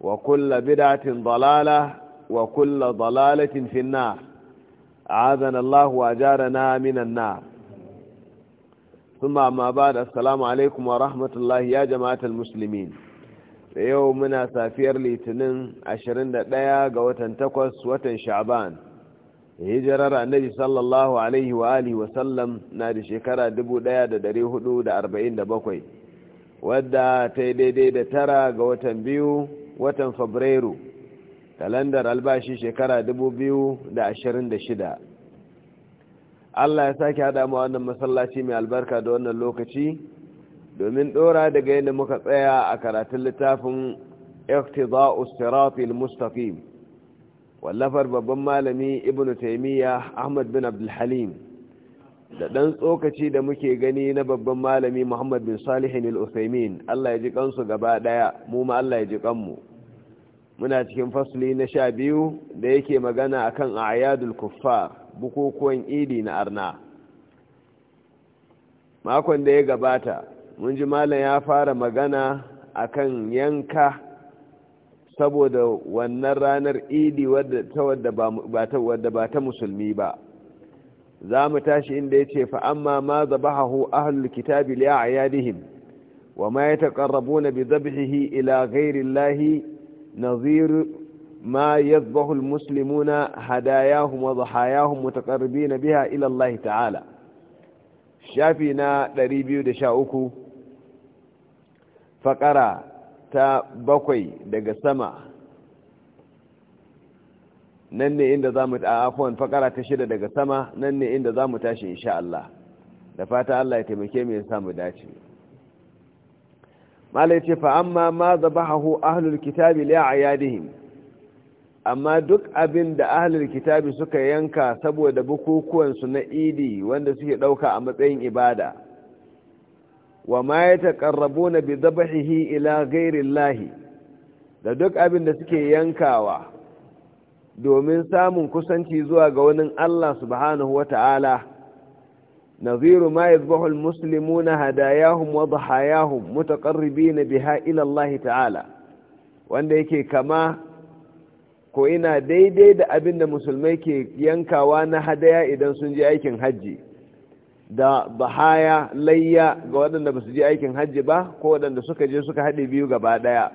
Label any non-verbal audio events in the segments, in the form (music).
wa kulla bidatin dalala wa kulla dalalatin finna azan Allah wa jara na minan na kuma alaikum wa rahmatullahi ya jama'atul musulmin yau muna safiyar litinin 21 ga watan 8 watan sha'ban hijirar annabi sallallahu alaihi wa alihi na da shekara 1447 wadda ta yi daidai da tara ga watan biyu watan fabrairu kalandar albashi shekara dubu biyu da da ashirin shida Allah ya sake haɗa mu wannan masallaci mai albarka da wannan lokaci domin ɗora daga yadda muka tsaya a karatun littafin iktiza'u siratil mustaqim wallafar babban malami ibnu taymiya ahmad bin abdul da ɗan tsokaci da muke gani na babban malami muhammad bin salihin al'usaimin allah ya ji kansu gaba ɗaya mu ma allah ya ji kanmu muna cikin fasli na sha biyu da yake magana akan ayadul kuffar bukukuwan idi na arna makon da ya gabata mun ji malam ya fara magana akan yanka saboda wannan ranar idi wadda ba ta musulmi ba za mu tashi inda ya ce fa'amma ma zabahahu ahlul kitabi li wa ma na bi dhabhihi ila ghayri llahi nazir ma yadhbahu almuslimuna hadayahum wa dhahayahum mutaqarribina biha ila Allah ta'ala shafi na 213 faƙara ta bakwai daga sama nan ne inda za mu afon fakara ta shida daga sama nan ne inda za mu tashi insha Allah da fata Allah ya taimake mu ya samu dace malai ce fa amma ma zabahu ahlul kitabi li ayadihim amma duk abin da ahlul kitabi suka yanka saboda bukukuwan su na idi wanda suke dauka a matsayin ibada wa ma yataqarrabuna bi dhabihi ila ghairi Allah da duk abin da suke yankawa domin samun kusanci zuwa ga wani Allah subhanahu wa ta'ala naziru ma yadhbahu almuslimuna hadayahum wa dhahayahum na biha ila ta'ala wanda yake kama ko ina daidai da abin da musulmai ke yankawa na hadaya idan sun je aikin hajji da bahaya layya ga waɗanda ba su je aikin hajji ba ko waɗanda suka je suka haɗe biyu gaba ɗaya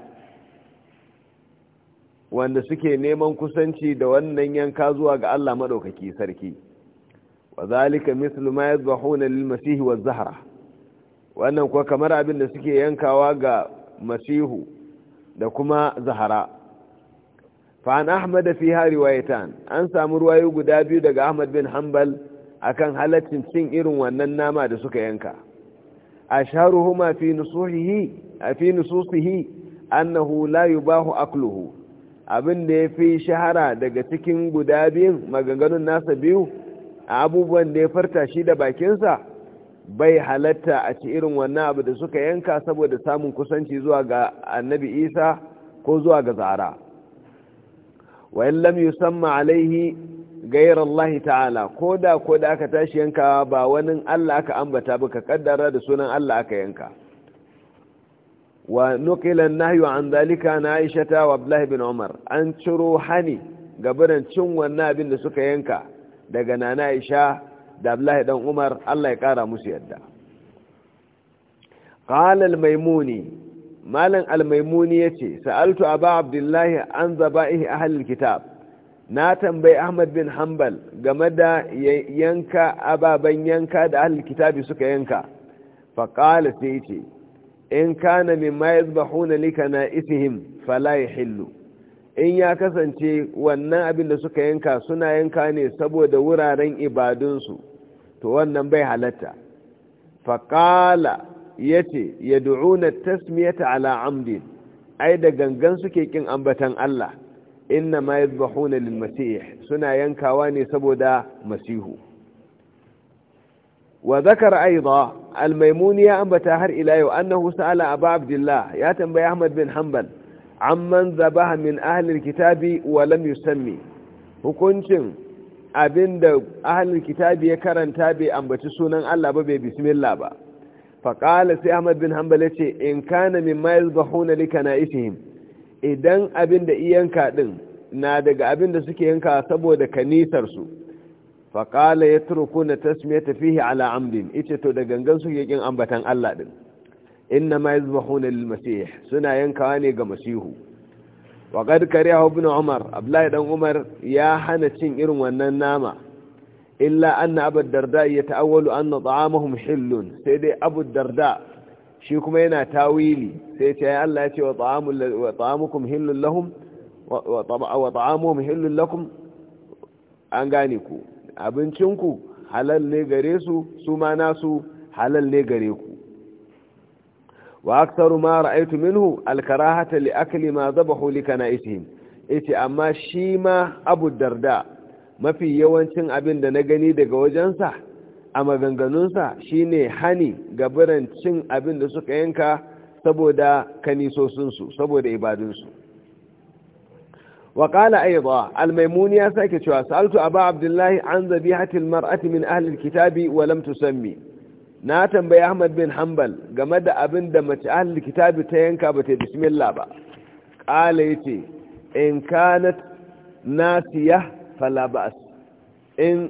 wanda suke neman kusanci da wannan yanka zuwa ga Allah maɗaukaki sarki wa zalika mislu ma yadhbahuna lil masih wa zahra wannan kuwa kamar abin da suke yankawa ga masihu da kuma Zahra. fa an ahmad fi ha riwayatan an samu ruwayo guda biyu daga ahmad bin hanbal akan halaccin cin irin wannan nama da suka yanka asharuhuma fi nusuhihi fi nususihi annahu la yubahu akluhu abin da ya fi shahara daga cikin guda biyun maganganun nasa biyu a abubuwan da ya farta shi da bakinsa bai halatta a ci irin wannan abu da suka yanka saboda samun kusanci zuwa ga annabi isa ko zuwa ga zara wa lam yusamma alaihi gairar Allah ta'ala ko da ko da aka tashi yankawa, ba wani Allah aka ambata ba ka kaddara da sunan Allah aka yanka ونقل النهي عن ذلك عن bin umar an ciro hani أن cin قبل abin da suka yanka daga دقنا aisha da Abdullahi dan Umar Allah ya kara musu yadda qala maimuni malan al-maimuni ya ce sa'altu aba Abdullahi an zaba'ihi ahli al-kitab na tambayi Ahmad bin hambal game da yanka ababen yanka da ahli kitabi suka yanka fa qala sai in kana mimma lika likana isihim fala yahillu in ya kasance wannan abin da suka yanka suna yanka ne saboda wuraren ibadunsu to wannan bai halatta faqala yace yad'una tasmiyata ala amdi ai da gangan suke kin ambatan Allah inna ma yadhbahuna lil masih suna yankawa ne saboda masihu وذكر أيضا الميمونية أنبتاهر إليه أنه سأل أبا عبد الله ياتم أحمد بن حنبل عمن ذبها من أهل الكتاب ولم يسمي hukuncin abinda da kitabi ya karanta bai ambaci sunan Allah ba bai bismillah ba faƙala sai ahmad bin hanbal ce in kana min mayar bahuna lika na ishihim idan abin da iyanka ɗin na daga abin da suke yanka saboda kanisarsu faƙala ya turku na tasmiya tafihi ala amdin ita to da gangan su yakin ambatan Allah din inna ma yazbahuna lil masih suna yankawa ne ga masihu waƙar qad kariyahu umar abdullahi dan umar ya hana cin irin wannan nama illa an na abu darda ya an na ta'amuhum hillun sai dai abu darda shi kuma yana tawili sai ce Allah ya ce wa ta'amul hillun lahum an gane ku abincinku halal ne gare su su ma nasu halal ne gare ku wa aktaru ma ra'aytu minhu alkarahata li akli ma dhabahu li kana'isihim yace amma shi ma Abu Darda mafi yawancin abin da na gani daga wajensa a maganganunsa shine hani gabaran cin abin da suka yanka saboda kanisosinsu saboda ibadunsu وقال أيضا الميمون يا ساكي ساكتشوا سألت أبا عبد الله عن ذبيحة المرأة من أهل الكتاب ولم تسمي ناتن بي أحمد بن حنبل قمد أبن دمت أهل الكتاب تينكا بتي بسم الله با قال يتي إن كانت ناسية فلا بأس إن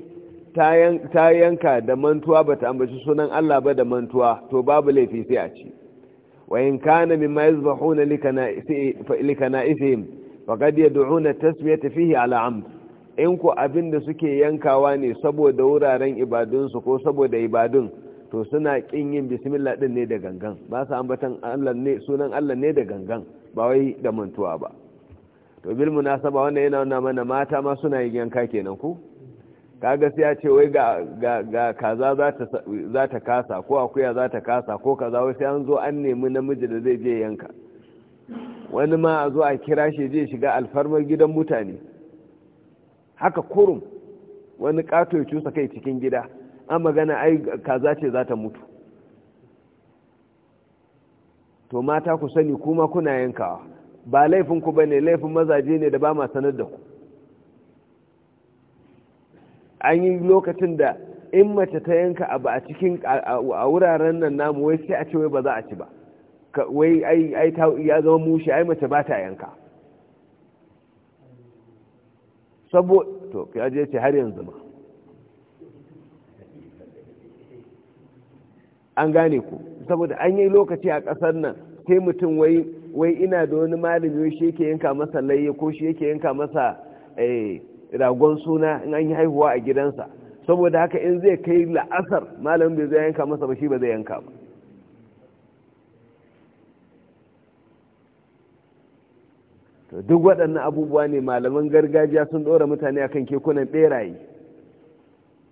تينكا yanka da mantuwa ba ta ambaci sunan Allah ba da mantuwa to babu laifi sai a ci wa faƙad ya du'una tasmiyata fihi ala amd in ku abin da suke yankawa ne saboda wuraren ibadunsu ko saboda ibadun to suna ƙin yin bismillah din ne da gangan ba su ambatan Allah ne sunan Allah ne da gangan ba wai da mantuwa ba to bil munasaba wannan yana nuna mana mata ma suna yin yanka kenan ku kaga sai ya ce wai ga ga ga kaza za ta kasa ko akuya za ta kasa ko kaza wai sai an zo an nemi namiji da zai je yanka wani ma a zo a kira shi zai shiga alfarmar gidan mutane haka kurum wani kato ya cusa kai cikin gida an magana ai kaza ce za ta mutu to mata ku sani kuma kuna yankawa ba laifin ku bane laifin mazaje ne da ba ma sanar da ku an yi lokacin da in mace ta yanka abu a cikin a wuraren nan namu wai sai a ce wai ba za a ci ba wai ai ya zama mushi ai mace ba ta yanka sabo to ya je ce har yanzu ma an gane ku saboda an yi lokaci a ƙasar nan sai mutum wai ina da wani malami shi yake yanka masa layya ko shi yake yanka masa eh, ragon suna in an yi haihuwa a gidansa saboda haka in zai kai la'asar malamin bai zai yanka masa ba shi ba zai yanka ba to duk waɗannan abubuwa ne malaman gargajiya sun ɗora mutane a kan kekunan ɓeraye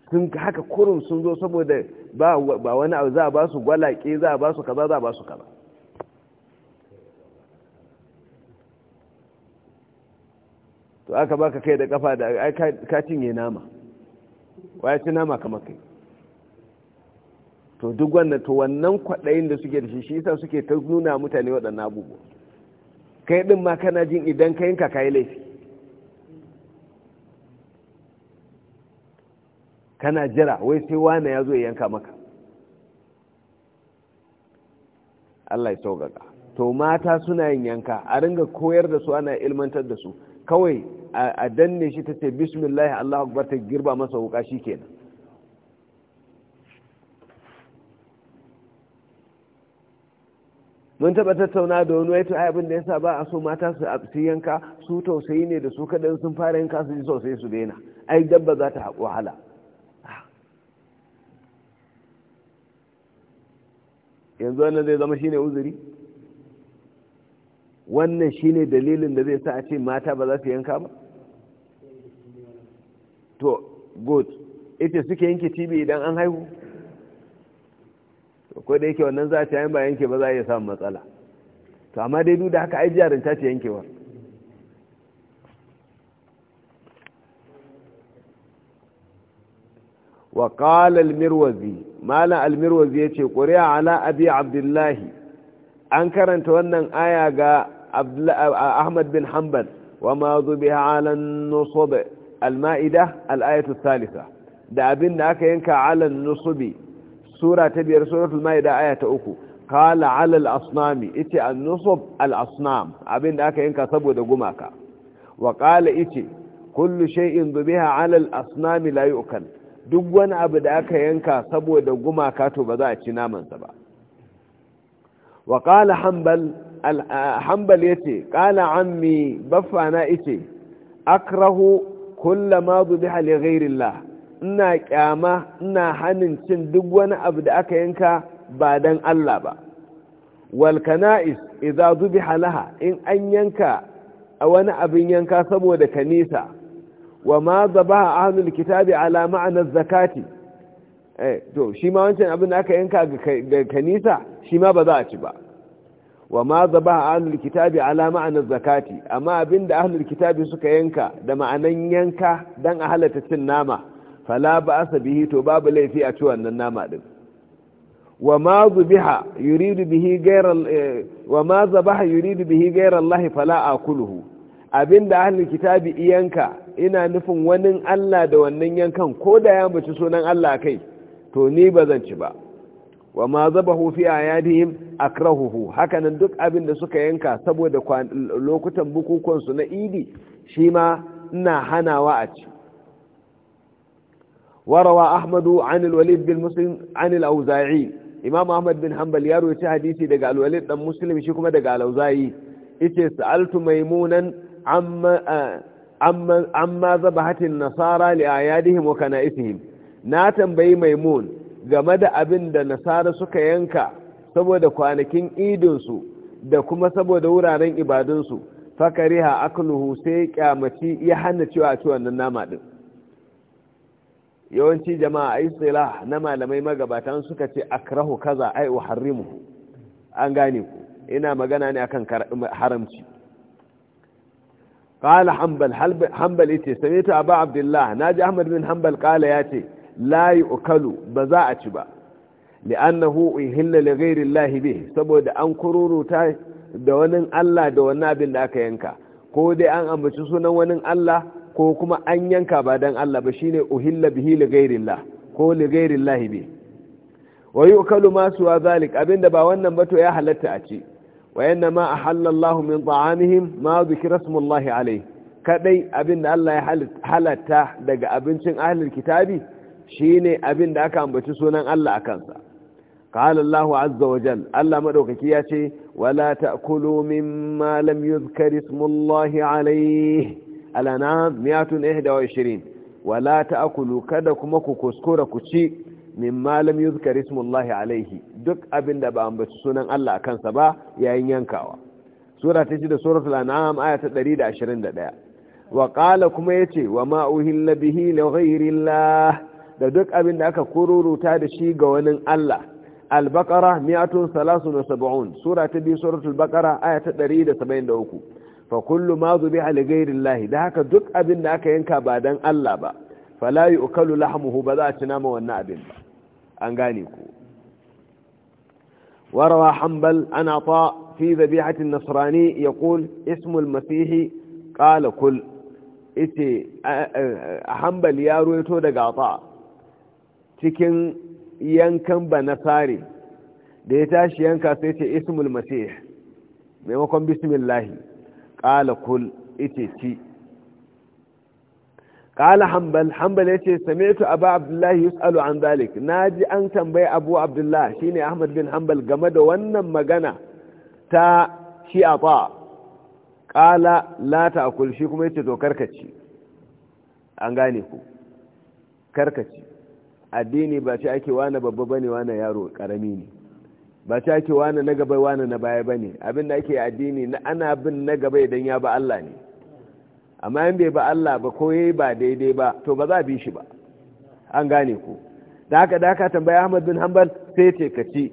sun haka kurum sun zo saboda ba wani abu za a ba su gwalaƙe za a ba su kaza za a ba su kaza to aka baka kai da kafa da ai ka cinye nama waya ci nama kamar kai to duk wannan to wannan kwaɗayin da suke da shi shi yasa suke ta nuna mutane waɗannan abubuwa kai din ma kana jin idan ka yi ka yi laifi kana jira wai sai wane ya zo ya yanka maka Allah ya sauƙaƙa to mata suna yin yanka a ringa koyar da su ana ilmantar da su kawai a danne shi ta ce bismillah Allah akbar ta girba masa wuka kenan mun taɓa tattauna da wani waito ai abin da yasa ba a so mata su yanka su tausayi ne da su kaɗan sun fara yanka su ji tausayi su daina ai dabba za ta wahala yanzu wannan zai zama shine uzuri wannan shine dalilin da zai sa a ce mata ba za su yanka ba to good ita suke yanke tibi idan an haihu ko da yake wannan za ta yin ba yanke ba za a iya samun matsala to amma dai duk da haka ai ta ce yankewar wa qala al-mirwazi mala al-mirwazi yace qari'a ala abi abdullahi an karanta wannan aya ga ahmad bin hanbal wa ma biha ala an nusub al maidah al-ayatu ath-thalitha da abin da aka yanka ala an nusubi sura ta biyar suratul maida aya ta uku kala alal asnami ite an-nusub al-asnam da aka yanka saboda gumaka wa qala ite kullu shay'in dubiha alal asnami la yu'kal duk wani abu da aka yanka saboda gumaka to ba za a ci naman sa ba wa qala hanbal hanbal yace qala ammi baffana ite akrahu kullama dubiha li ghayri ina kyama ina hanin cin duk wani abu da aka yanka ba dan Allah ba walkanais iza zubi halaha in an yanka a wani abin yanka saboda kanisa wa ma a ahlul kitabi ala ma'na zakati eh, to shi ma wancan abin da aka yanka ga kanisa shi ma ba za a ci ba wa ma a ahlul kitabi ala ma'na zakati amma abin da ahlul kitabi suka yanka da ma'anan yanka dan a halatta cin nama fala ba asa bihi to babu laifi a ci wannan nama din wa ma zubiha yuridu bihi ghayra eh, wa ma zabaha yuridu bihi ghayra Allah fala akuluhu abinda kitabi iyanka ina nufin wani Allah da wannan yankan ko da ya mace sunan Allah kai to ni bazan ci ba wa ma zabahu fi ayadihim akrahuhu hakanan duk abin da suka yanka saboda lokutan bukukuwansu na idi shi ma ina hanawa a ci وروى أحمد عن الوليد بن مسلم عن الأوزاعي إمام أحمد بن حنبل يروي تحديثي دقاء الوليد بن مسلم يشيكم دقاء الأوزاعي إتي سألت ميمونا عما عما عما ذبحت النصارى لأعيادهم وكنائسهم ناتن بي ميمون game da abin da nasara suka yanka saboda kwanakin idinsu da kuma saboda wuraren ibadunsu fakariha akluhu sai kyamaci ya hana cewa ci wannan nama din yawanci jama'a ayi silah na malamai magabatan suka ce akrahu kaza ai uharrimu an gane ku ina magana ne akan haramci qala hanbal hanbal yace sami'tu abu abdullah naji ahmad bin hanbal qala yace la yuqalu ba za a ci ba li'annahu uhilla li ghayri allahi bih saboda an kururuta da wani Allah da wani abin da aka yanka ko dai an ambaci sunan wani Allah ko kuma an yanka ba dan Allah ba shine uhilla bihi li ghairillah ko li ghairillah bi wa yukalu ma suwa zalik abinda ba wannan ba to ya halatta a ci wa yanna ma ahalla Allah min ta'amihim ma dhikra smullah alayhi kadai abinda Allah ya halatta daga abincin ahlul kitabi shine abinda aka ambaci sunan Allah akan sa قال azza عز وجل ألا مدوكك ياتي ولا تأكلوا مما لم يذكر اسم الله عليه al'anam 121 wala ta'kulu kada kuma ku kuskura ku ci min malam yuzkar ismullahi alaihi duk abinda ba ambaci sunan Allah a kansa ba yayin yankawa sura ta 6 suratul an'am aya ta 121 wa qala kuma ya ce, wa ma uhilla bihi li ghayrillah da duk abinda aka kururuta da shi ga wani Allah al-baqara 173 sura ta 2 suratul baqara aya ta 173 fa kullu ma zubiha li ghayrillahi da haka duk abin da aka yanka ba dan Allah ba fala yu'kalu lahmuhu ba za a ci nama wannan abin ba an gane ku وروى حنبل عن عطاء في ذبيحة النصراني يقول اسم المسيح قال كل ite hanbal ya ruwaito daga ata cikin yankan banasari da ya tashi yanka sai ce ismul masih maimakon bismillahi ƙala kul ite ci ƙala hambal hambal ya ce same tu abu abdullahi yus'alu an zalik na ji an tambayi abu abdullahi shine ahmad bin hambal game da wannan magana ta shi a ba ƙala lata a kulshi kuma ya ce to karkaci an gane ku karkaci addini ba shi ake wane babba bane wane yaro ƙarami ne ba ta ke wani na gaba wani na baya ba ne abin da ake addini na ana bin na gaba idan ya ba Allah ne amma in bai ba Allah ba ko yi ba daidai ba to ba za a bi shi ba an gane ku da haka da haka tambaya Ahmad bin Hanbal sai ce ka ci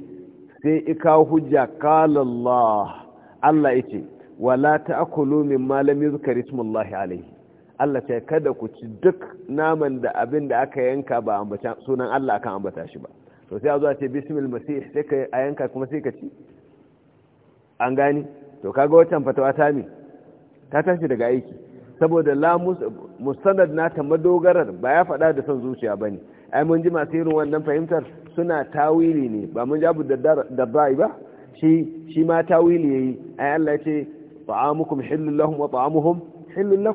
sai ika hujja kalallah Allah ya ce wala akulu min malam yuzkar ismullahi alayhi Allah ce kada ku ci duk naman da abin da aka yanka ba ambata sunan Allah akan ambata shi ba to sai a zuwa ce bismil masih sai ka a yanka kuma sai ka ci an gani to kaga wacan fatawa ta mi ta tashi daga aiki saboda la musanad nata madogarar ba ya faɗa da son zuciya ba ne ai mun ji masu irin wannan fahimtar suna tawili ne ba mun ji abu da ba'i ba shi shi ma tawili yayi ai Allah ce ta'amukum hillul wa ta'amuhum hillul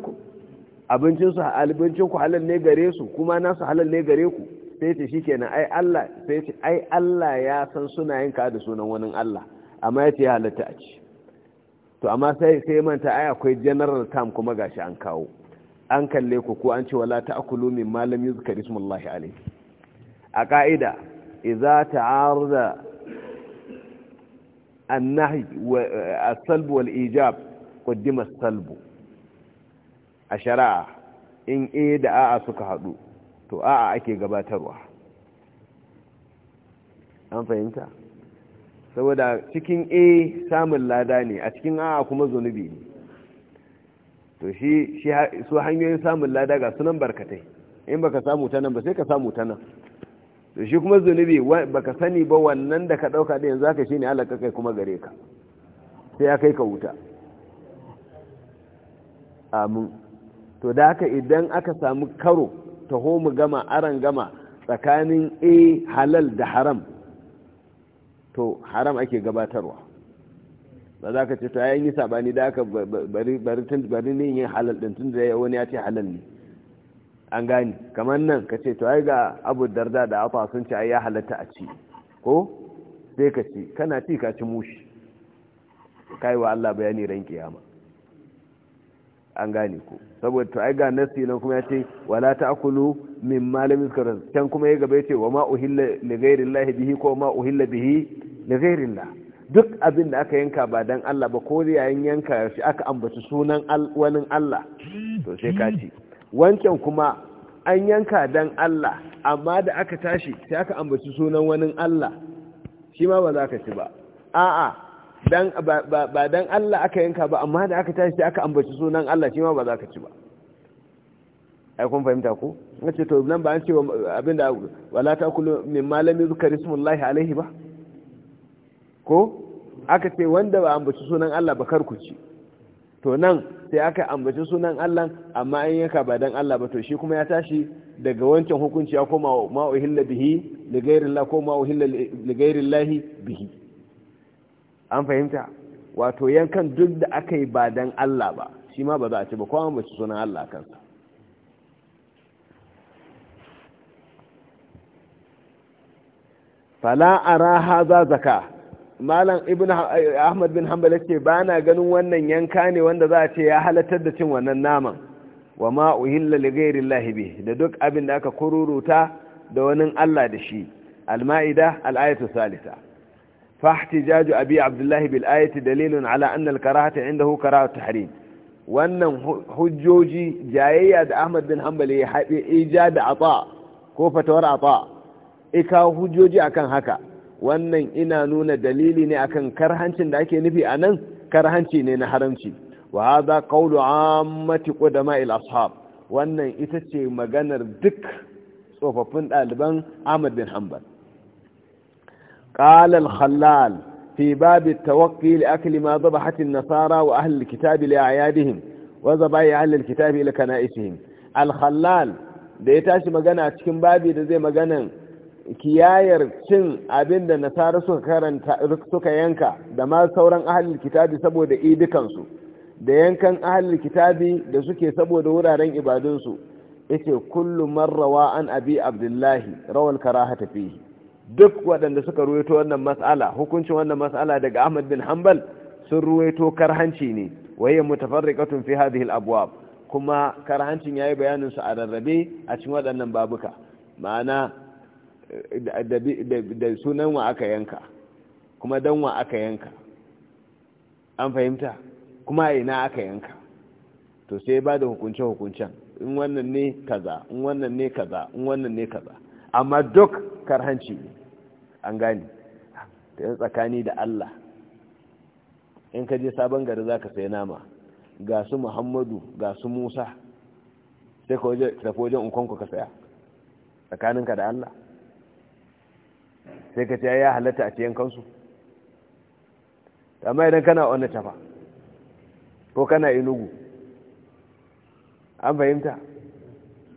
abincin halal ne gare su kuma nasu halal ne gare ku sai ce shikenan ai Allah sai ce ai Allah ya san suna yin ka da sunan wani Allah amma yace ya halatta a ci to amma sai sai manta ai akwai general term kuma gashi an kawo an kalle ku ko an ce wala ta'kulu min ma lam yuzkar ismullahi alayhi a ka'ida idza ta'arada an-nahy wa as-salb wal ijab qaddima as-salb a shari'a in a da a'a suka haɗu. to a'a ake gabatarwa an fahimta saboda cikin a samun lada ne a cikin A kuma zunubi ne to shi su hanyoyin samun lada ga sunan barkatai in baka samu ta nan ba sai ka samu ta nan to shi kuma zunubi baka sani ba wannan da ka dauka da yanzu haka shine Allah kai kuma gare ka sai ya kai ka wuta amin to da haka idan aka samu karo taho mu gama aran gama tsakanin a eh, halal da haram to haram ake gabatarwa ba za ka ce to yayin yi sabani da aka bari ne yin halal ɗin tun da wani ya ce halal ne an gani kamar nan ka ce to ai ga abu darda da afa sun ce ai ya halatta a ci ko sai ka ci kana ci ka ci mushi kai wa Allah bayani ran kiyama an gane ku saboda to ai ga nasi nan kuma ya ce wala ta'kulu min malamin zikra can kuma ya gaba ya ce wa ma uhilla li ghairi bihi ko ma uhilla bihi li ghairi duk abin da aka yanka ba dan Allah ba ko da yayin yanka shi aka ambaci sunan wani Allah to sai ka ci wancan kuma an yanka dan Allah amma da aka tashi sai aka ambaci sunan wani Allah shi ma ba za ka ci ba a'a ba dan Allah aka yanka ba amma da aka tashi aka ambaci sunan Allah shi ma ba za ka ci ba ai kun fahimta ko ce to nan ba an ce abinda wala kullu min malami zikri ismullahi alaihi ba ko aka ce wanda ba ambaci sunan Allah ba kar ku ci to nan sai aka ambaci sunan Allah amma an yanka ba dan Allah ba to shi kuma ya tashi daga wancan hukunci ya koma ma bihi ligairillahi ko ma ligairillahi bihi an fahimta wato yankan duk da aka yi ba don Allah ba shi ma ba za a ci ba kwanwa ba ci sunan Allah kansa fala raha za zaka malam ibn ahmad bin hanbal ce ba na ganin wannan yanka ne wanda za a ce ya halatar da cin wannan naman wa ma uhilla li ghairi da duk abin da aka kururuta da wani Allah da shi al-ma'ida al-ayatu salisa فاحتجاج أبي عبد الله بالآية دليل على أن الكراهة عنده كراهة تحريم wannan hujjoji jayayya da Ahmad bin Hanbal ya haɗe ija da ko fatawar ata ika hujjoji akan haka wannan ina nuna dalili ne akan karhancin da ake nufi a nan karhanci ne na haramci wa haza qawlu ammati kudama il ashab wannan ita ce maganar duk tsofaffin ɗaliban Ahmad bin Hanbal قال الخلال في باب التوقي لأكل ما ذبحت النصارى وأهل الكتاب لأعيادهم وذبائع أهل الكتاب إلى كنائسهم الخلال da ya tashi magana a cikin babi da zai magana kiyayar cin abin da nasara suka karanta suka yanka da ma sauran ahalin kitabi saboda idikansu da yankan ahalin kitabi da suke saboda wuraren ibadunsu yace kullum marrawa an abi abdullahi rawal karahata fihi duk waɗanda suka ruwaito wannan matsala, hukuncin wannan matsala daga Ahmad bin Hanbal sun ruwaito karhanci ne waye mutafarriqatun fi hadhihi al-abwab kuma karhancin yayi bayanin su a rarrabe a cikin waɗannan babuka ma'ana da sunan wa aka yanka kuma dan wa aka yanka an fahimta kuma a ina aka yanka to sai ba da hukunce-hukuncen in wannan ne kaza in wannan ne kaza in wannan ne kaza amma duk karhanci ne an gani ta yi tsakani da Allah in ka je sabon gari za ka sai nama ga su muhammadu ga su musa sai ka tafi wajen unkonku ka saya tsakaninka da Allah sai ka ce ya halatta a ciyan kansu amma idan kana wani tafa ko kana inugu an fahimta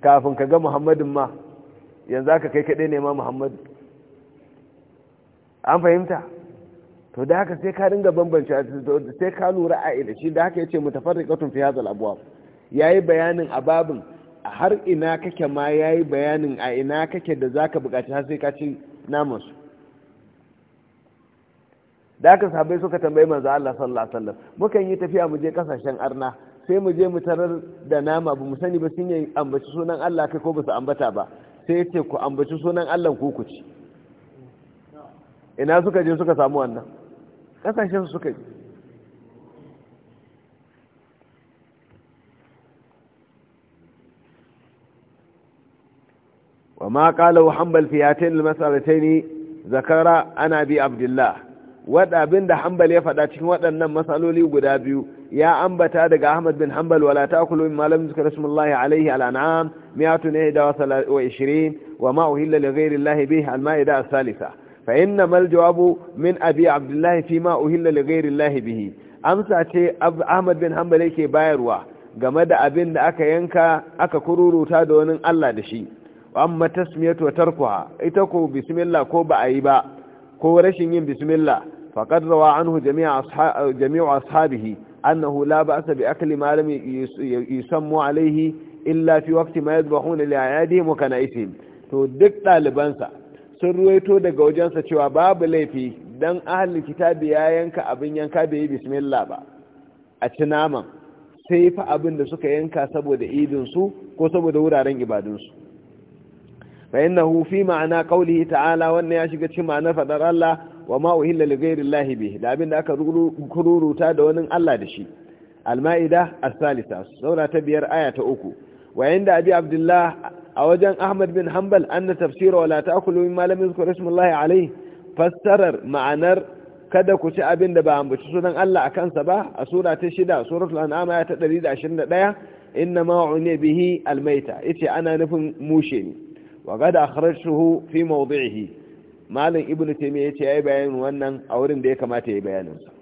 kafin ka ga muhammadin ma yanzu aka kai kaɗai ne ma muhammadu an fahimta to da haka sai ka dinga bambance sai ka lura a ina shi da haka yace mutafarriqatun fi hadha al-abwab yayi bayanin ababin har ina kake ma yayi bayanin a ina kake da zaka bukaci har sai ka ci naman su da haka sahabbai suka tambayi manzo Allah sallallahu alaihi wasallam mukan yi tafiya mu je kasashen arna sai mu je mu tarar da nama ba mu sani ba sun yi ambaci sunan Allah kai ko ba su ambata ba sai ya ce ku ambaci sunan Allah ku ku ci ina suka je suka samu wannan kasashen su suka je wa ma kala wa hanbal fiyatin masalatai ne zakara ana bi abdullah wadda abin da hanbal ya fada cikin waɗannan masaloli guda biyu ya ambata daga ahmad bin hanbal wala ta kulu min malam zikr rasulullah alaihi ala an'am 120 wa 20 wa ma uhilla li ghayri bihi al ma'ida as-salisah fa inna mal jawabu min abi abdullahi fi ma uhilla li ghairi allahi bihi amsa ce ahmad bin hanbal yake bayarwa game da abin da aka yanka aka kururuta da wani Allah da shi amma tasmiyatu tarkuha ita ko bismillah ko ba a yi ba ko rashin yin bismillah faqad rawa anhu jami'u ashabihi annahu la ba'sa bi akli ma lam yusammu alayhi illa fi waqti ma yadhbahuna li ayadihim wa kana'isihim to duk dalibansa sun ruwaito daga wajensa cewa babu laifi don ahalin kitabi ya yanka abin yanka bai yi bismillah ba a ci naman sai fa abin da suka yanka saboda idinsu ko saboda wuraren ibadunsu na hufi ma'ana kaulihi ta'ala wannan ya shiga cikin ma'anar faɗar Allah wa ma'u li ghairi Allah da abin da aka kururuta da wani Allah da shi al-ma'ida as-salisa saura ta biyar aya ta uku Wayanda inda abi abdullah a wajen ahmad bin Hambal, anna tafsira wala ta'kulu mimma lam yuzkar ismullahi alayhi fassarar ma'anar kada ku ci abin da ba ambaci sunan Allah a kansa ba a sura ta shida suratul an'am ya ta 121 inna ma uniya bihi almaita yace ana nufin mushe ne wa qad akhrajtuhu fi mawdi'ihi malam ibnu taymiya yace yi bayanin wannan a wurin da ya kamata ya bayanin sa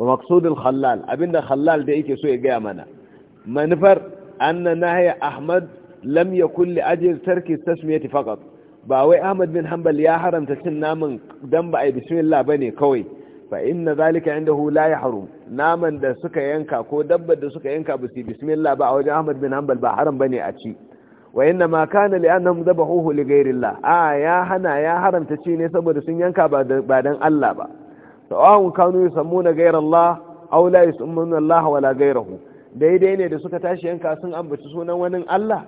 wa maqsudul khallal abinda khallal da yake so ya gaya mana manufar anna nahya ahmad lam yakun li ajli tarki tasmiyati faqat ba wai ahmad bin Hambal ya haramta cin naman dan ba ai bismillah bane kawai fa inna zalika indahu la yahrum naman da suka yanka ko dabbar da suka yanka bisi bismillah ba a wajen ahmad bin hanbal ba haram bane a ci wa inna ma kana li annahum dhabahuhu li ghayrillah a ya ya haramta ci ne saboda sun yanka ba dan Allah ba sawa'un kanu yusammuna ghayra Allah aw la yusammuna Allah wala ghayrahu daidai ne da suka tashi yanka sun ambaci sunan wani Allah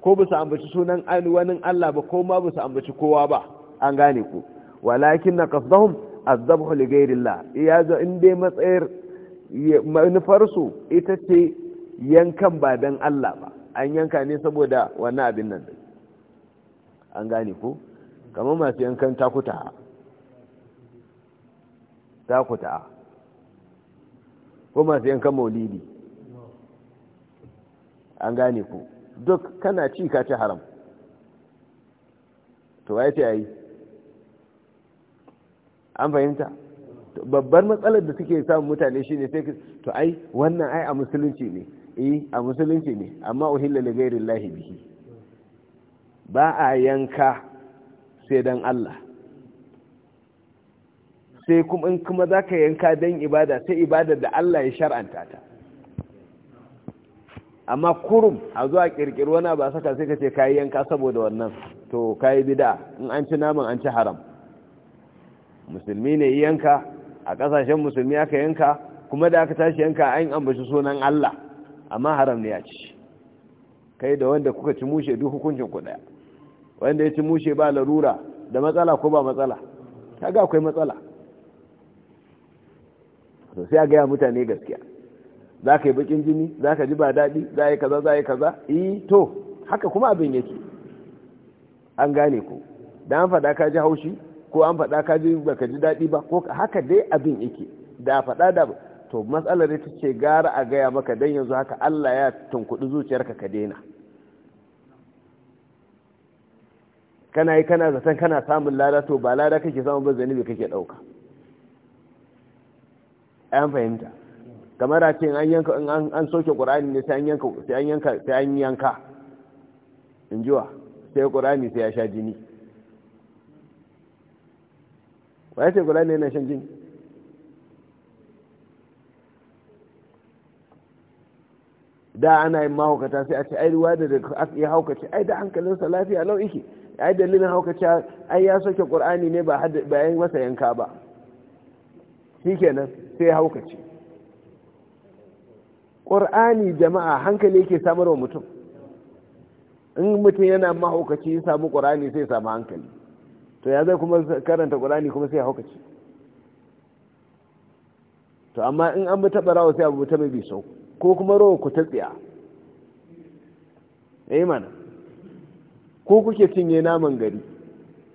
ko ba su ambaci sunan wani Allah ba ko ma ba su ambaci kowa ba an gane ku walakin na kasdahum azabhu li ghairillah ya zo in dai matsayar manufarsu ita ce yankan ba dan Allah ba an yanka ne saboda wannan abin nan an gane ku kamar masu yankan takuta takuta ko masu yankan maulidi an gane ku duk kana ci ka ci haram to ya ce yi an fahimta babbar matsalar da suke samun mutane shine sai to ai wannan ai a musulunci ne eh a musulunci ne amma uhilla li llahi bihi ba a yanka sai dan Allah sai kuma in kuma zaka yanka dan ibada sai ibada da Allah ya shar'anta ta amma kurum a zuwa kirkiri wani ba saka sai ka ce kayi yanka saboda wannan to kayi bida in an ci naman an ci haram musulmi ne yanka a kasashen musulmi aka yanka kuma da aka tashi yanka an ambashi sunan Allah amma haram ne ya ci kai da wanda kuka ci mushe duk hukuncin ku daya wanda ya ci mushe ba larura da matsala ko ba matsala kaga akwai matsala to sai a ga mutane gaskiya za ka yi bakin jini za ka ji ba daɗi za yi kaza za yi kaza yi e, to haka kuma abin yake an gane ku da an faɗa ka ji haushi ko an faɗa ka ji ba ka ji daɗi ba ko haka dai abin yake da faɗa da to matsalar ita ce gara a gaya maka don yanzu haka allah ya tunkuɗi zuciyarka ka daina kana yi kana zaton kana samun lada to ba lada kake samun ba zanibi kake ɗauka an fahimta kamar a ce an yanka an soke qur'ani ne sai an yanka sai an yanka sai an yanka in jiwa sai qur'ani sai ya sha jini wa yace qur'ani yana shan jini da ana yin mahaukata sai a ce ai ruwa da ya haukace ai da hankalinsa lafiya lau ike ai dalilin haukace ai ya soke qur'ani ne ba ba yan masa yanka ba kenan sai ya haukace ƙor'ani jama'a hankali yake samar wa mutum in mutum yana mahaukaci ya samu ƙor'ani sai samu hankali to ya zai kuma karanta ƙor'ani kuma sai haukaci to amma in an bi ɓarawa sai abu ta mai biso ko kuma rawa ku ta tsiya yi eh mana ko kuke cinye naman gari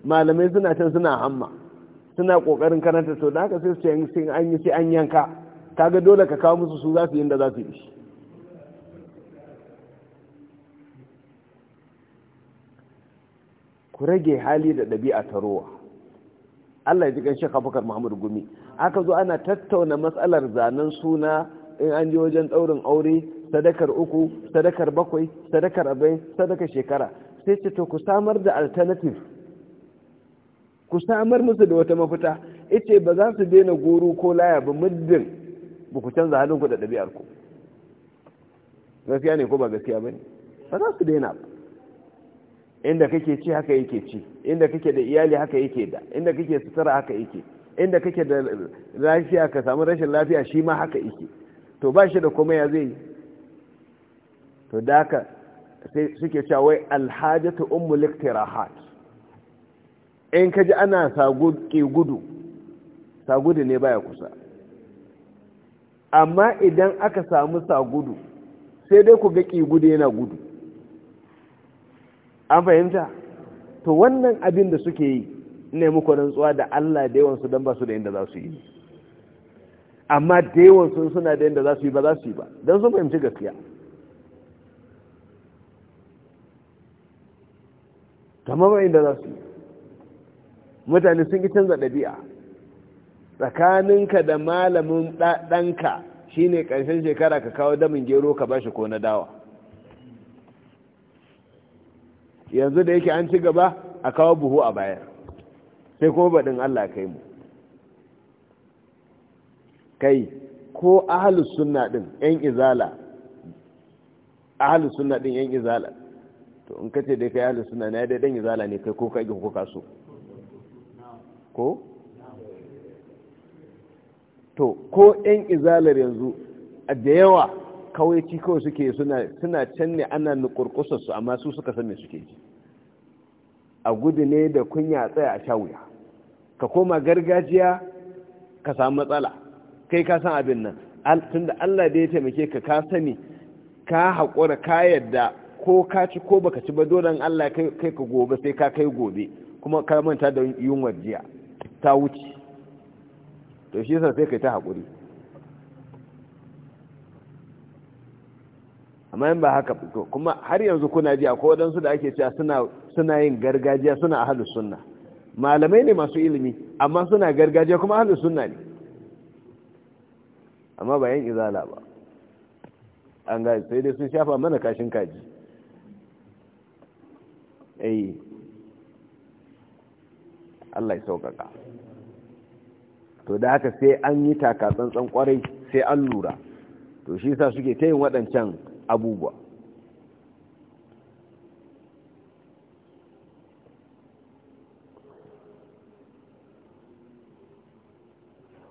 malamai suna can suna hamma suna ƙoƙarin karanta to da haka sai su ce an yi sai an yanka ga dole ka kawo musu su za su yi inda za su yi ku rage hali da ɗabi'a ta rowa Allah ya ji ganshe kafakar Muhammad Gumi aka zo ana tattauna matsalar zanen suna in an je wajen ɗaurin aure sadakar uku sadakar bakwai sadakar abai, sadakar shekara sai ce to ku samar da alternative ku samar musu da wata mafita ice ba za su daina goro ko laya ba muddin ba ku canza halinku da ɗabi'arku gaskiya ne ko ba gaskiya ba ne ba za su daina ba inda kake ci haka yake ci inda kake da iyali haka yake da inda kake sutura haka yake inda kake da lafiya ka samu rashin lafiya shi ma haka yake to ba shi da kuma ya zai to da haka sai suke cewa wai alhajatu ummu iktirahat in kaji ana sagu ke gudu sagudu ne baya kusa amma idan aka samu sa gudu sai dai ku gaƙi gudu yana gudu an fahimta to wannan abin da suke yi ne muku rantsuwa da Allah da yawansu don ba su da inda za su yi amma da yawansu suna da inda za su yi ba za su yi ba don sun fahimci gaskiya ba yadda za su yi mutane sun yi canza ɗabi'a tsakaninka da malamin ɗanka shi ne ƙarshen shekara ka kawo damin gero ka bashi ko na dawa yanzu da yake an ci gaba a kawo buhu a bayar sai kuma baɗin allah kai mu kai ko ahalus sunna ɗin 'yan izala ahalus sunna ɗin 'yan izala to in ka ce dai kai ahalus sunna na ya ɗan izala ne kai ko ka ko ka so ko to ko 'yan izalar yanzu da yawa kawai kawai suke suna can ne ana nukurkusarsu amma su suka san suke ji a gudu ne da kunya tsaya a shawuya ka koma gargajiya ka samu matsala kai ka san abin nan tunda allah da ya taimake ka ka sani ka haƙura ka yadda ko ka ci ko baka ci ba doron allah kai ka gobe sai ka kai gobe kuma ka manta da yunwar jiya ta wuce to shi sai kai ta haƙuri amma in ba haka to kuma har yanzu kuna ji akwai waɗansu da ake cewa suna suna yin gargajiya suna ahlus sunna malamai ne masu ilimi amma suna gargajiya kuma ahlus sunna ne amma ba yan izala ba an ga sai dai sun shafa mana kashin kaji ai eh. Allah ya sauƙaƙa to da haka sai an yi taka tsantsan kwarai sai an lura to shi sa suke ta yin waɗancan abubuwa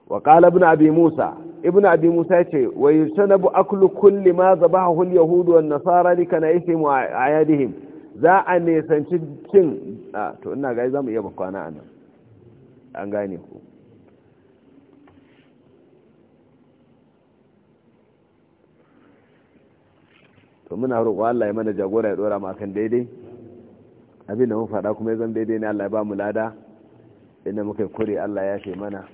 wa qala ibn abi musa ibn abi musa wai sana bu aklu kulli ma zaba hul yahudu wa nasara mu wa yadihim za a nesanci cin to ina za mu iya bakwana anan an gane ku to muna roƙo Allah ya mana jagora ya dora makan akan daidai abin da mun faɗa kuma ya zan daidai ne Allah ya ba mu lada inda muka kure Allah ya ce mana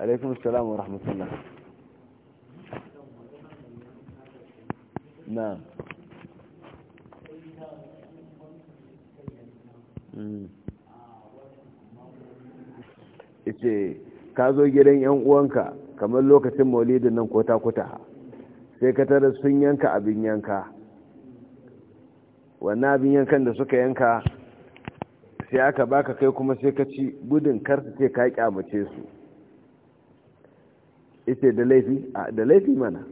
alaikun salam rahmatullah na mm ce ka zo gidan yan uwanka kamar lokacin maulidin nan kota kuta sai ka tara sun yanka abin yanka wannan abin yankan da suka yanka sai aka baka kai kuma sai ka ci gudun kar su ce ka kyamace su ita da laifi da laifi mana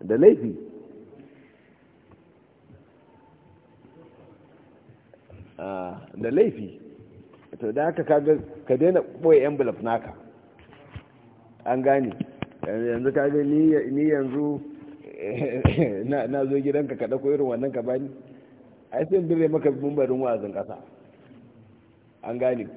da laifi da laifi to da haka kaga ka daina boye envelope naka an gane yanzu kaga ni yanzu (laughs) na zo gidanka ka ɗauko irin wannan ka bani ai sai dire maka bumbarin wa'azin ƙasa an gane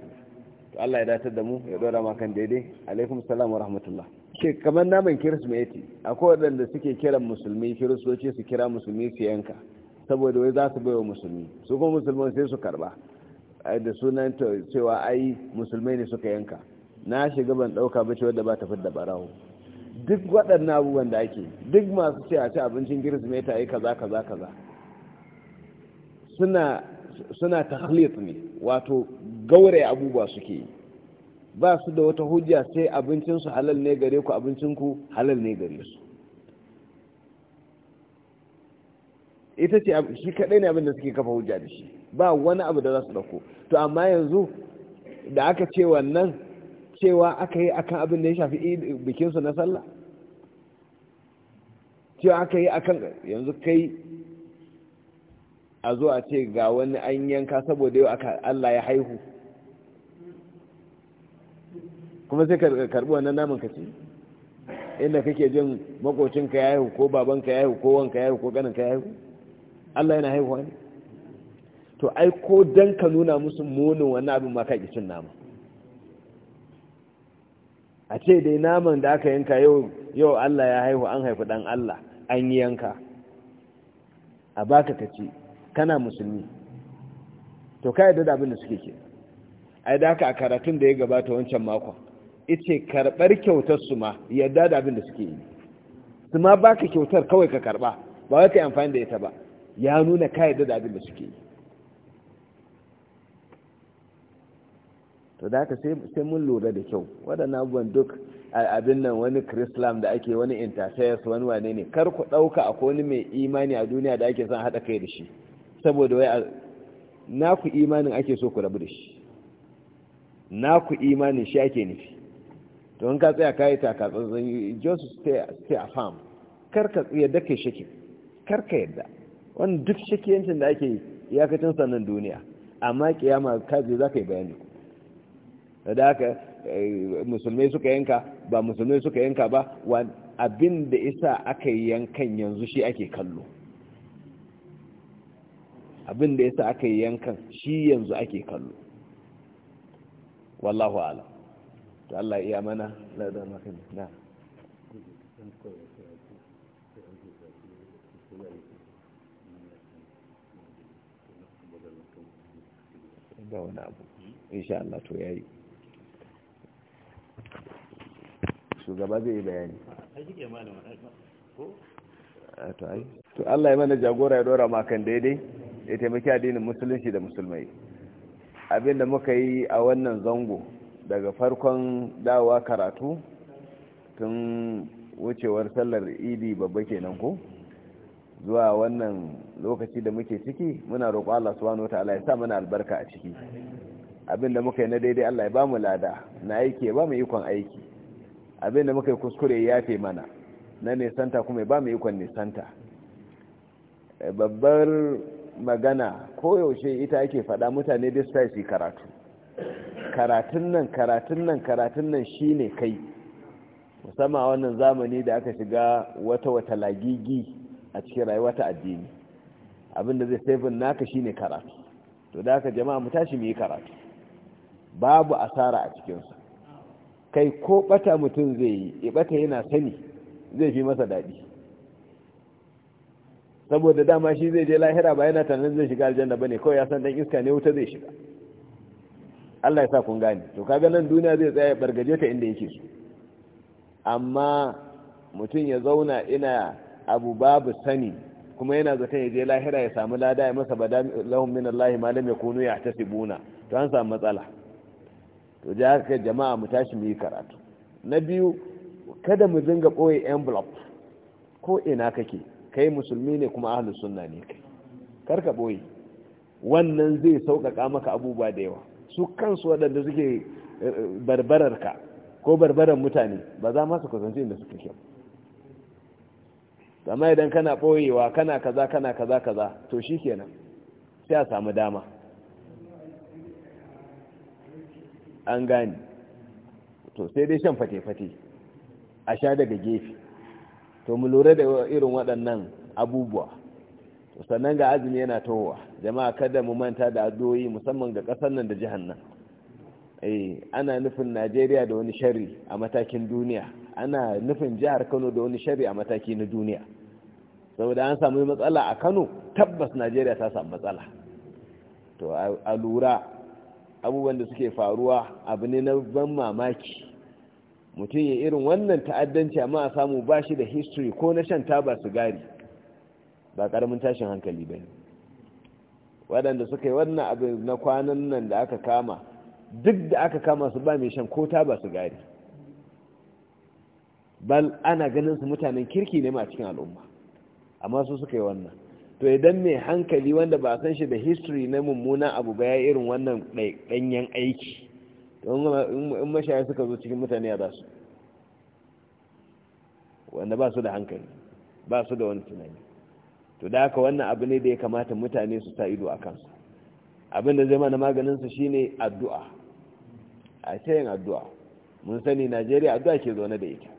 to Allah ya datar da mu ya dora ma kan daidai alaikum salam wa rahmatullah ke kamar naman kirismeti akwai waɗanda suke kiran musulmi kiristoci su kira musulmi su yanka saboda wai za su bai wa musulmi su kuma musulman sai su karba Eh, da sunan cewa ai musulmai ne suka yanka na shiga ban ɗauka ba cewa da ba ta fidda barawo duk waɗannan abubuwan da ake duk masu ce a ci abincin kirsimeti ai kaza kaza kaza suna suna takhlit ne wato gaure abubuwa suke yi ba su da wata hujja sai abincinsu halal ne gare ku abincinku halal ne gare su ita ce shi kaɗai ne abin da suke kafa hujja da shi ba wani abu da za su dauko. to amma yanzu da aka ce wannan cewa aka yi akan abin da ya shafi bikinsu na sallah cewa aka yi akan yanzu kai a zo a ce ga wani an yanka saboda yau aka Allah ya haihu kuma sai karbi wannan naman ka ce inda kake jin makocinka ya haihu ko babanka ya haihu ko wanka ya haihu ko ganinka ya haihu Allah yana haihuwa ne to ai ko dan ka nuna musu munin wani abin ma ka cin nama a ce dai naman da aka yanka yau yau Allah ya haihu an haifi dan Allah an yi yanka a baka ka kace kana musulmi to ka yadda da abin da suke ke ai da haka a karatun da ya gabata wancan makon ice karbar kyautar su ma yadda da abin da suke yi su ma baka kyautar kawai ka karba ba wai ka amfani da ita ba ya nuna ka yadda da abin da suke yi to da haka sai mun lura da kyau waɗannan abubuwan duk abin nan wani krislam da ake wani interface wani wane ne kar ku ɗauka a wani mai imani a duniya da ake son haɗa kai da shi saboda wai ku imanin ake so ku rabu da shi na ku imanin shi ake nufi to in ka tsaya kayi takatsantsan just stay, stay a farm kar ka yadda kai shakin kar ka yadda wani duk shakiyancin da ake iyakacin sannan duniya amma kiyama kaji za ka yi bayani ku da haka eh, musulmai suka yanka ba musulmai suka yanka ba abin da isa aka yi yankan yanzu shi ake kallo abin da isa aka yi yankan shi yanzu ake kallo wallahu ala to Allah iya mana na da makin na da wani abu insha Allah to yayi shugaba zai yi bayani to Allah ya mana jagora ya dora makan daidai ya taimaki addinin musulunci da musulmai abinda muka yi a wannan zango daga farkon dawa karatu tun wucewar sallar idi babba kenan ko zuwa wannan lokaci da muke ciki muna roƙo Allah subhanahu wataala ya sa mana albarka a ciki Abin da muka yi na daidai Allah ya bamu lada na aiki ya bamu ikon aiki abin da muka yi kuskure ya fi mana na nisanta kuma ba mu ikon nisanta babbar magana koyaushe ita ake faɗa mutane dai su yi karatu karatun nan karatun nan karatun nan shi ne kai musamman wannan zamani da aka shiga wata wata lagigi a cikin rayuwa ta addini da zai saifin naka shi ne karatu to da aka jama'a mutashi tashi mu yi karatu babu asara a cikinsa kai ko bata mutum zai yi ya bata yana sani zai fi masa daɗi saboda dama shi zai je lahira ba yana tunanin zai shiga aljanna bane kawai ya san dan iska ne wuta zai shiga Allah ya sa kun gane to kaga nan duniya zai tsaya bargaje ta inda yake so amma mutum ya zauna ina abu babu sani kuma yana zaton ya je lahira ya samu lada ya masa bada lahum min malam ya ya yakunu to an samu matsala to ji haka jama'a mu tashi mu yi karatu na biyu kada mu zinga ɓoye envelope ko ina kake kai musulmi ne kuma ahlus sunna ne kai ka ɓoye wannan zai sauƙaƙa maka abubuwa da yawa su kansu waɗanda suke eh, eh, barbarar ka ko barbarar mutane ba za masu kusanci inda suke kyau amma idan kana ɓoyewa kana kaza kana kaza kaza to shikenan sai a samu dama an gane to sai dai shan fate-fate a sha daga gefe to mu lura da irin waɗannan abubuwa sannan ga azumi yana towa jama'a kada mu manta da addu'o'i musamman ga ƙasar nan da jihar nan eh ana nufin Najeriya da wani shari a matakin duniya ana nufin jihar Kano da wani shari a mataki na duniya saboda an samu matsala a Kano tabbas Najeriya ta samu matsala to a lura abubuwan da suke faruwa abu ne na ban mamaki mutum ya irin wannan ta'addanci amma a samu ba shi da history ko na shan taba sigari ba karamin tashin hankali ba waɗanda suka yi wannan abu na kwanan nan da aka kama duk da aka kama su ba mai shan ko taba sigari bal ana ganin su mutanen kirki ne ma cikin al'umma amma su suka yi wannan to idan mai hankali wanda ba san shi da history na mummuna abu ba ya irin wannan ɗanyen aiki in mashaya suka zo cikin mutane a su wanda ba su da hankali ba su da wani tunani to da haka wannan abu ne da ya kamata mutane su sa ido a kansu abin da zai mana maganin shi ne addu'a a ta yin addu'a mun sani najeriya addu'a ke zaune da ita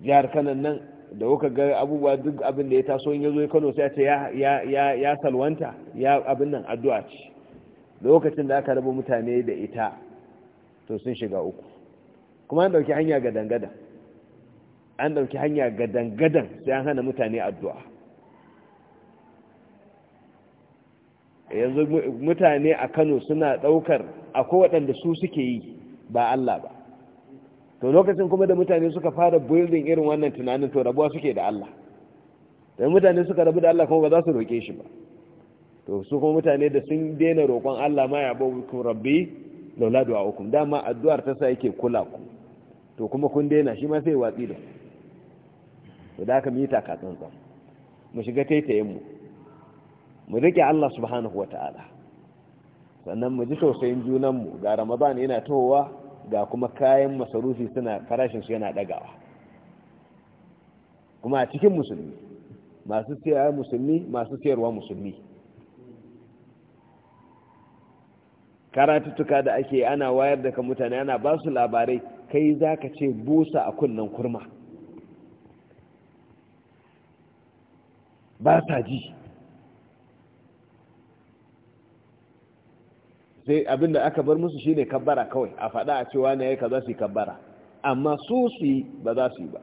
jihar kanan nan da kuka ga abubuwa duk abin da ya taso in ya zo kano sai ce ya salwanta ya abin nan addu'a ce lokacin da aka raba mutane da ita to sun shiga uku kuma an ɗauki hanya ga gadan an ɗauki hanya ga sai an hana mutane addu'a yanzu mutane a kano suna ɗaukar akwai waɗanda su suke yi ba Allah ba to lokacin kuma da mutane suka fara building irin wannan tunanin to rabuwa suke da Allah da mutane suka rabu da Allah kuma ba za su roke shi ba to su kuma mutane da sun daina roƙon Allah ma ya ku rabbi laula du'a'ukum dama addu'ar ta sa yake kula ku to kuma kun daina shi ma sai watsi da to da aka mi ta taka tsantsan mu shiga taitayen mu mu rike Allah subhanahu wata'ala sannan mu ji tausayin junan mu ga Ramadan yana tohowa ga kuma kayan masarufi suna farashinsu yana dagawa. kuma a cikin musulmi masu siyarwa musulmi masu siyarwa musulmi karatuttuka da ake ana wayar da kan mutane ana ba su labarai kai za ka ce busa a kunnen kurma ba sa ji sai abinda aka bar musu shine kabbara kawai a fada a cewa na ka za su yi kabbara amma su su yi ba za su yi ba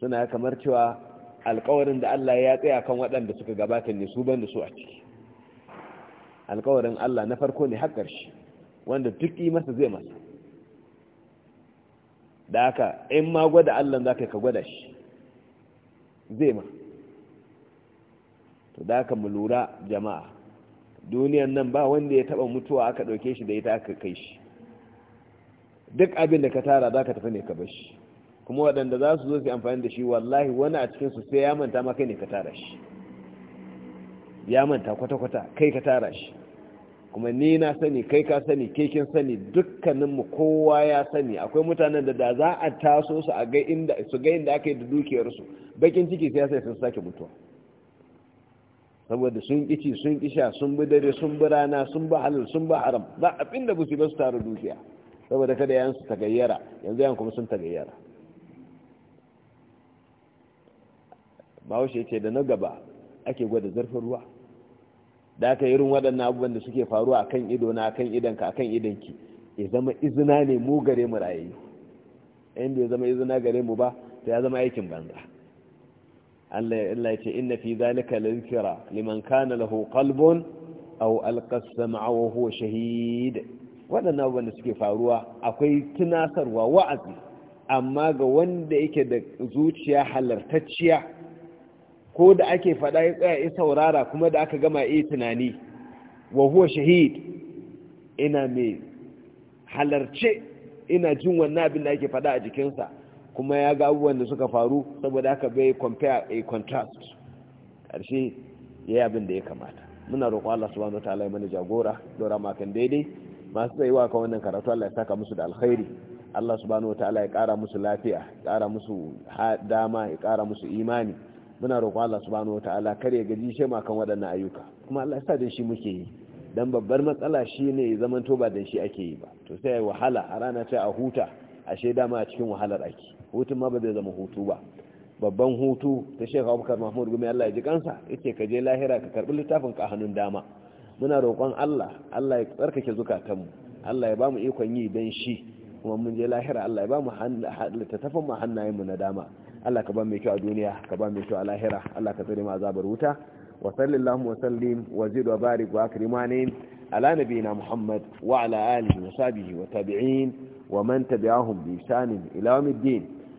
suna kamar cewa alkawarin da Allah ya tsaya kan waɗanda suka gabata ne su ban su a ciki alkawarin Allah na farko ne har ƙarshe wanda duk yi masa zai masa da haka in ma gwada Allah za ka ka gwada shi zai ma to da haka mu lura jama'a duniyan nan ba wanda ya taba mutuwa aka dauke shi da ita aka kai shi duk abin da ka tara za ka tafi ne ka bar shi kuma waɗanda za su zo su amfani da shi wallahi wani a cikinsu sai ya manta ma kai ne ka tara shi ya manta kwata-kwata kai ka tara shi kuma ni na sani kai ka sani kekin sani dukkaninmu kowa ya sani akwai mutanen da da za a taso su ga inda aka yi da dukiyarsu bakin ciki sai sai sun sake mutuwa saboda sun ƙici sun ƙisha sun bi dare sun bi rana sun bi halal sun bi haram ba abin da busi ba su taru dukiya saboda kada yan su tagayyara yanzu yan kuma sun tagayyara bahaushe ce da na gaba ake gwada zarfin ruwa da aka irin waɗannan abubuwan da suke faruwa akan ido na akan kan akan ki ya zama izina ne mu gare mu rayayi inda ya zama izina gare mu ba ta ya zama aikin banza Allah ya ce inna fi zalika lizkira liman kana lahu qalbun aw alqa wa huwa shahid wadannan abubuwan da suke faruwa akwai tunasarwa wa'azi amma ga wanda yake da zuciya halartacciya ko da ake faɗa ya tsaya ya saurara kuma da aka gama iya tunani wa huwa shahid ina mai halarce ina jin wannan abin da ake faɗa a jikinsa kuma ya ga abubuwan da suka faru saboda haka bai compare a contrast ƙarshe ya yi abin da ya kamata muna roƙo Allah subhanahu wataala ya mana jagora dora makon daidai masu tsayuwa kan wannan karatu Allah ya saka musu da alkhairi Allah subhanahu wataala ya ƙara musu lafiya ya ƙara musu dama ya ƙara musu imani muna roƙo Allah subhanahu wataala kar ya gaji shi ma kan waɗannan ayyuka kuma Allah ya sa dan shi muke yi dan babbar matsala shi ne zaman to ba dan shi ake yi ba to sai wahala a rana ta a huta ashe dama a cikin wahalar ake hutun ma ba zai zama hutu ba babban hutu ta shekaru abubakar mahmud gumi allah ya ji kansa yace ka je lahira ka karbi littafin ka hannun dama muna roƙon allah allah ya tsarkake zukatanmu allah ya ba mu ikon yi don shi kuma mun je lahira allah ya ba mu littattafan mu hannayen mu na dama allah ka ba mai kyau a duniya ka ba mai kyau a lahira allah ka tsere mu azabar wuta wa sallallahu wa sallim wa zidu wa barik wa akrimani ala nabiyina muhammad wa ala alihi wa sahbihi wa tabi'in ومن تبعهم بإحسان ila يوم din.